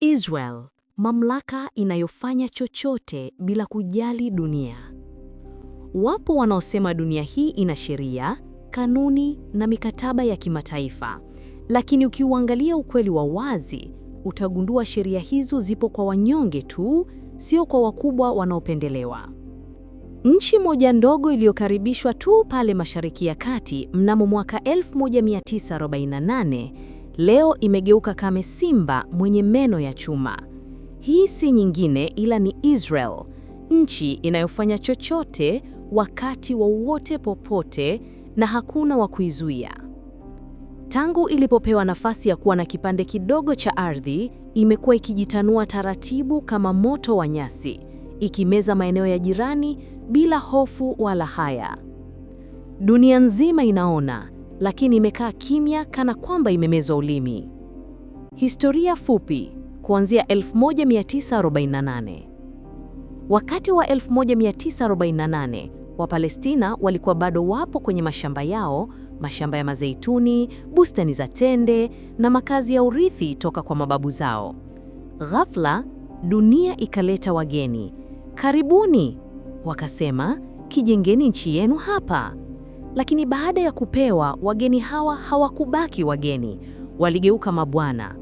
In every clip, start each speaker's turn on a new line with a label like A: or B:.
A: Israel, mamlaka inayofanya chochote bila kujali dunia. Wapo wanaosema dunia hii ina sheria, kanuni na mikataba ya kimataifa, lakini ukiuangalia ukweli wa wazi, utagundua sheria hizo zipo kwa wanyonge tu, sio kwa wakubwa wanaopendelewa. Nchi moja ndogo iliyokaribishwa tu pale Mashariki ya Kati mnamo mwaka 1948 leo imegeuka kama simba mwenye meno ya chuma. Hii si nyingine ila ni Israel, nchi inayofanya chochote wakati wowote popote, na hakuna wa kuizuia. Tangu ilipopewa nafasi ya kuwa na kipande kidogo cha ardhi, imekuwa ikijitanua taratibu kama moto wa nyasi, ikimeza maeneo ya jirani bila hofu wala haya. Dunia nzima inaona, lakini imekaa kimya kana kwamba imemezwa ulimi. Historia fupi kuanzia 1948. Wakati wa 1948 Wapalestina walikuwa bado wapo kwenye mashamba yao, mashamba ya mazeituni, bustani za tende na makazi ya urithi toka kwa mababu zao. Ghafla dunia ikaleta wageni. Karibuni, wakasema, kijengeni nchi yenu hapa. Lakini baada ya kupewa, wageni hawa hawakubaki wageni, waligeuka mabwana,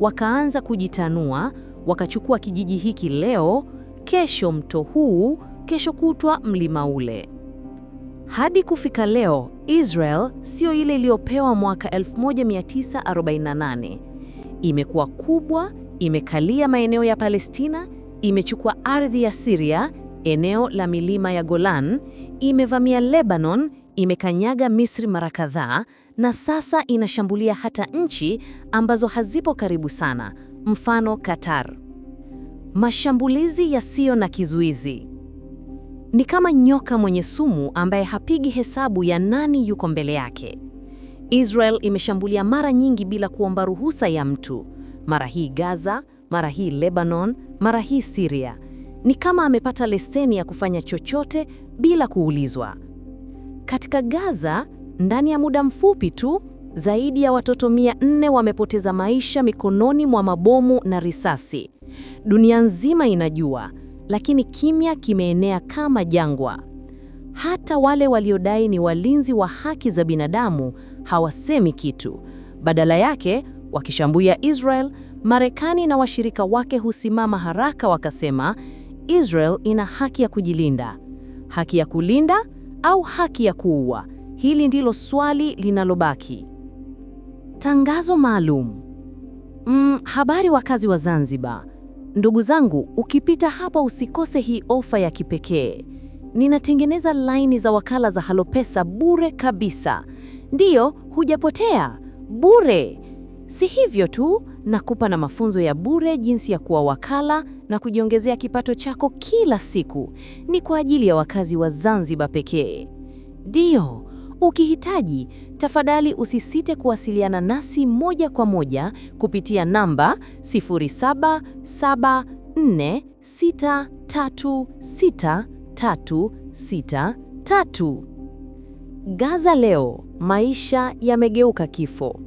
A: wakaanza kujitanua, wakachukua kijiji hiki leo, kesho mto huu, kesho kutwa mlima ule. Hadi kufika leo, Israel sio ile iliyopewa mwaka 1948. Imekuwa kubwa, imekalia maeneo ya Palestina, imechukua ardhi ya Syria, eneo la milima ya Golan, imevamia Lebanon, imekanyaga Misri mara kadhaa na sasa inashambulia hata nchi ambazo hazipo karibu sana, mfano Qatar. Mashambulizi yasiyo na kizuizi ni kama nyoka mwenye sumu ambaye hapigi hesabu ya nani yuko mbele yake. Israel imeshambulia mara nyingi bila kuomba ruhusa ya mtu, mara hii Gaza, mara hii Lebanon, mara hii Syria. Ni kama amepata leseni ya kufanya chochote bila kuulizwa. Katika Gaza, ndani ya muda mfupi tu, zaidi ya watoto mia nne wamepoteza maisha mikononi mwa mabomu na risasi. Dunia nzima inajua, lakini kimya kimeenea kama jangwa. Hata wale waliodai ni walinzi wa haki za binadamu hawasemi kitu. Badala yake, wakishambulia Israel, Marekani na washirika wake husimama haraka wakasema, Israel ina haki ya kujilinda, haki ya kulinda au haki ya kuua? Hili ndilo swali linalobaki. Tangazo maalum. Mm, habari wakazi wa Zanzibar. Ndugu zangu, ukipita hapa usikose hii ofa ya kipekee. Ninatengeneza laini za wakala za Halopesa bure kabisa. Ndiyo, hujapotea. Bure. Si hivyo tu, nakupa na mafunzo ya bure jinsi ya kuwa wakala, na kujiongezea kipato chako kila siku ni kwa ajili ya wakazi wa Zanzibar pekee. Ndiyo, ukihitaji tafadhali usisite kuwasiliana nasi moja kwa moja kupitia namba 0774636363. Gaza leo, maisha yamegeuka kifo.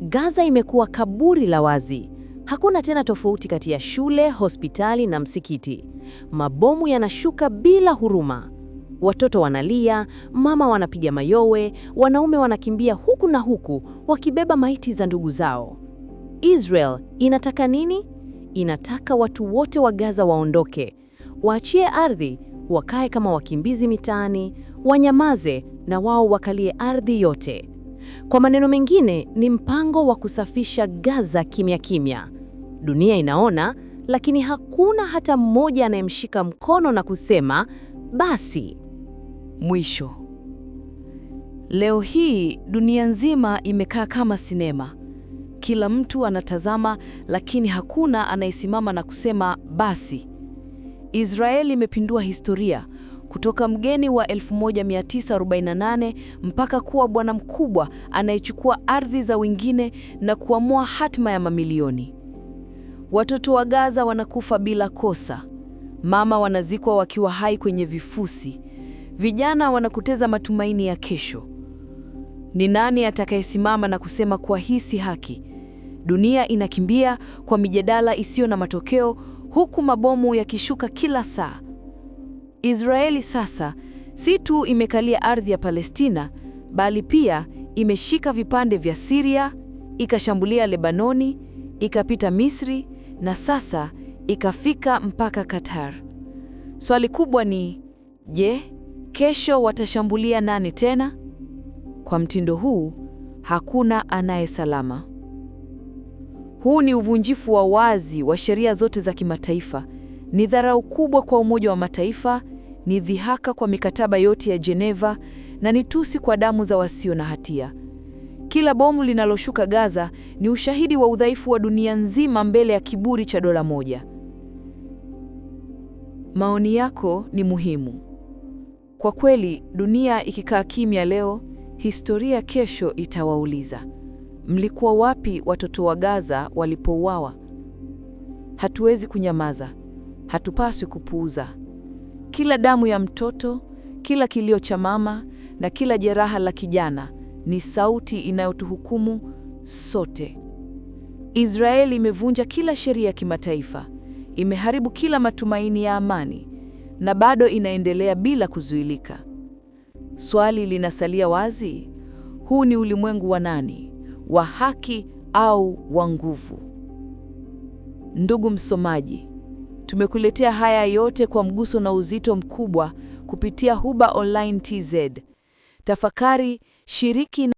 A: Gaza imekuwa kaburi la wazi Hakuna tena tofauti kati ya shule, hospitali na msikiti. Mabomu yanashuka bila huruma. Watoto wanalia, mama wanapiga mayowe, wanaume wanakimbia huku na huku wakibeba maiti za ndugu zao. Israel inataka nini? Inataka watu wote wa Gaza waondoke, waachie ardhi, wakae kama wakimbizi mitaani, wanyamaze na wao wakalie ardhi yote. Kwa maneno mengine, ni mpango wa kusafisha Gaza kimya kimya. Dunia inaona, lakini hakuna hata mmoja anayemshika mkono na kusema basi.
B: Mwisho. Leo hii dunia nzima imekaa kama sinema. Kila mtu anatazama, lakini hakuna anayesimama na kusema basi. Israeli imepindua historia, kutoka mgeni wa 1948 mpaka kuwa bwana mkubwa anayechukua ardhi za wengine na kuamua hatima ya mamilioni. Watoto wa Gaza wanakufa bila kosa. Mama wanazikwa wakiwa hai kwenye vifusi. Vijana wanakuteza matumaini ya kesho. Ni nani atakayesimama na kusema kuwa hii si haki? Dunia inakimbia kwa mijadala isiyo na matokeo, huku mabomu yakishuka kila saa. Israeli sasa si tu imekalia ardhi ya Palestina bali pia imeshika vipande vya Syria, ikashambulia Lebanoni, ikapita Misri na sasa ikafika mpaka Qatar. Swali kubwa ni je, kesho watashambulia nani tena? Kwa mtindo huu hakuna anayesalama. Huu ni uvunjifu wa wazi wa sheria zote za kimataifa, ni dharau kubwa kwa Umoja wa Mataifa ni dhihaka kwa mikataba yote ya Geneva na ni tusi kwa damu za wasio na hatia. Kila bomu linaloshuka Gaza ni ushahidi wa udhaifu wa dunia nzima mbele ya kiburi cha dola moja. Maoni yako ni muhimu. Kwa kweli, dunia ikikaa kimya leo, historia kesho itawauliza. Mlikuwa wapi watoto wa Gaza walipouawa? Hatuwezi kunyamaza. Hatupaswi kupuuza. Kila damu ya mtoto, kila kilio cha mama na kila jeraha la kijana ni sauti inayotuhukumu sote. Israeli imevunja kila sheria ya kimataifa, imeharibu kila matumaini ya amani na bado inaendelea bila kuzuilika. Swali linasalia wazi, huu ni ulimwengu wa nani? Wa haki au wa nguvu? Ndugu msomaji, Tumekuletea haya yote kwa mguso na uzito mkubwa kupitia Hubah Online TZ. Tafakari, shiriki na